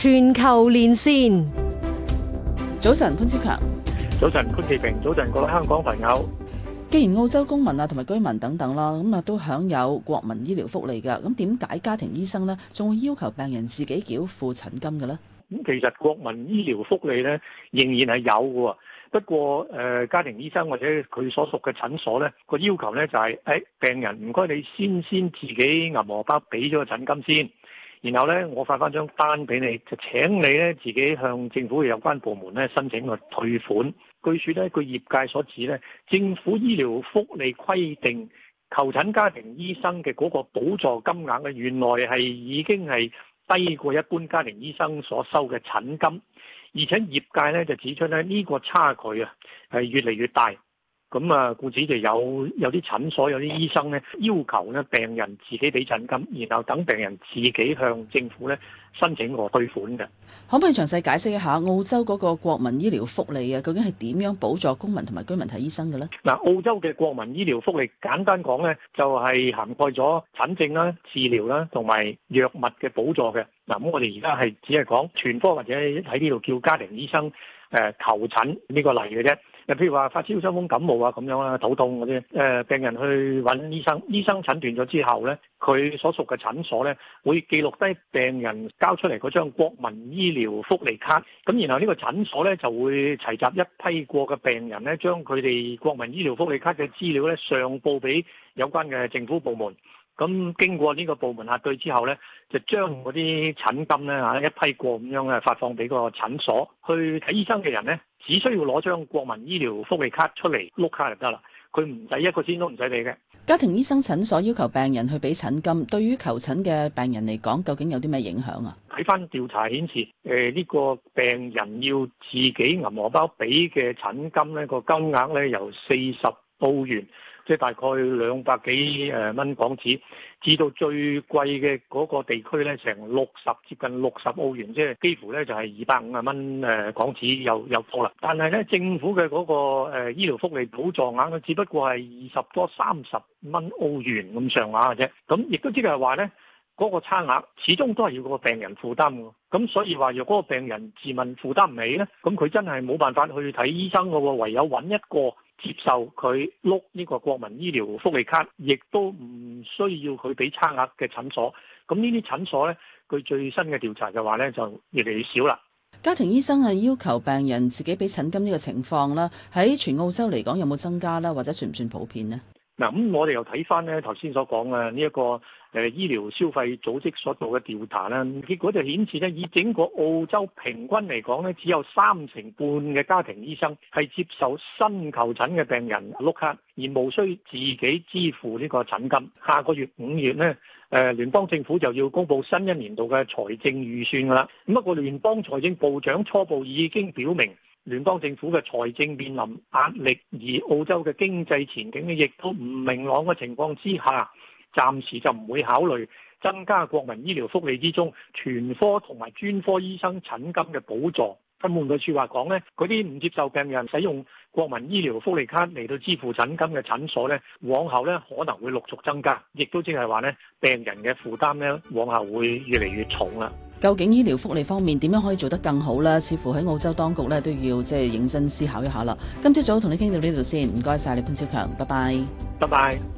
全球連線，早晨潘昭強，早晨潘潔平，早晨各位香港朋友。既然澳洲公民啊同埋居民等等啦、啊，咁啊都享有國民醫療福利嘅，咁點解家庭醫生咧仲會要求病人自己繳付診金嘅咧？咁其實國民醫療福利咧仍然係有嘅，不過誒、呃，家庭醫生或者佢所屬嘅診所咧個要求咧就係、是、誒、哎，病人唔該你先先自己銀荷包俾咗個診金先。然後咧，我發翻張單俾你，就請你咧自己向政府嘅有關部門咧申請個退款。據說咧，據業界所指咧，政府醫療福利規定，求診家庭醫生嘅嗰個補助金額嘅原來係已經係低過一般家庭醫生所收嘅診金，而且業界咧就指出咧呢個差距啊係越嚟越大。咁啊，故此就有有啲診所有啲醫生咧，要求咧病人自己俾診金，然後等病人自己向政府咧申請個退款嘅。可唔可以詳細解釋一下澳洲嗰個國民醫療福利啊，究竟係點樣補助公民同埋居民睇醫生嘅咧？嗱，澳洲嘅國民醫療福利簡單講咧，就係涵蓋咗診症啦、治療啦同埋藥物嘅補助嘅。嗱，咁我哋而家係只係講全科或者喺呢度叫家庭醫生誒求診呢、這個例嘅啫。譬如話發燒、傷風、感冒啊咁樣啦，肚痛嗰啲，誒病人去揾醫生，醫生診斷咗之後呢，佢所屬嘅診所呢會記錄低病人交出嚟嗰張國民醫療福利卡，咁然後呢個診所呢就會齊集一批過嘅病人呢，將佢哋國民醫療福利卡嘅資料呢上報俾有關嘅政府部門。咁經過呢個部門核對之後呢，就將嗰啲診金呢，吓一批過咁樣嘅發放俾個診所。去睇醫生嘅人呢，只需要攞張國民醫療福利卡出嚟碌卡就得啦，佢唔使一個錢都唔使俾嘅。家庭醫生診所要求病人去俾診金，對於求診嘅病人嚟講，究竟有啲咩影響啊？睇返調查顯示，誒、呃、呢、這個病人要自己銀荷包俾嘅診金呢，那個金額呢由四十澳元，即係大概兩百幾誒蚊港紙，至到最貴嘅嗰個地區咧，成六十接近六十澳元，即係幾乎咧就係二百五十蚊誒港紙又又破啦。但係咧政府嘅嗰、那個誒、呃、醫療福利補助額，佢只不過係二十多三十蚊澳元咁上下嘅啫。咁亦都即係話咧，嗰、那個差額始終都係要個病人負擔嘅。咁所以話若果個病人自問負擔唔起咧，咁佢真係冇辦法去睇醫生嘅喎，唯有揾一個。接受佢碌呢個國民醫療福利卡，亦都唔需要佢俾差額嘅診所。咁呢啲診所咧，佢最新嘅調查嘅話咧，就越嚟越少啦。家庭醫生係要求病人自己俾診金呢個情況啦，喺全澳洲嚟講有冇增加啦？或者算唔算普遍呢？嗱，咁我哋又睇翻咧，頭先所講啊，呢一個誒醫療消費組織所做嘅調查啦。結果就顯示咧，以整個澳洲平均嚟講咧，只有三成半嘅家庭醫生係接受新求診嘅病人碌卡，而無需自己支付呢個診金。下個月五月呢，誒聯邦政府就要公布新一年度嘅財政預算噶啦。咁不過聯邦財政部長初步已經表明，聯邦政府嘅財政面臨壓力，而澳洲嘅經濟前景咧亦都唔明朗嘅情況之下，暫時就唔會考慮增加國民醫療福利之中全科同埋專科醫生診金嘅補助根本的說說。換句説話講咧，嗰啲唔接受病人使用國民醫療福利卡嚟到支付診金嘅診所咧，往後咧可能會陸續增加，亦都即係話咧，病人嘅負擔咧往後會越嚟越重啦。究竟醫療福利方面點樣可以做得更好呢？似乎喺澳洲當局呢，都要即係認真思考一下啦。今朝早同你傾到呢度先，唔該晒你潘昭強。拜拜，拜拜。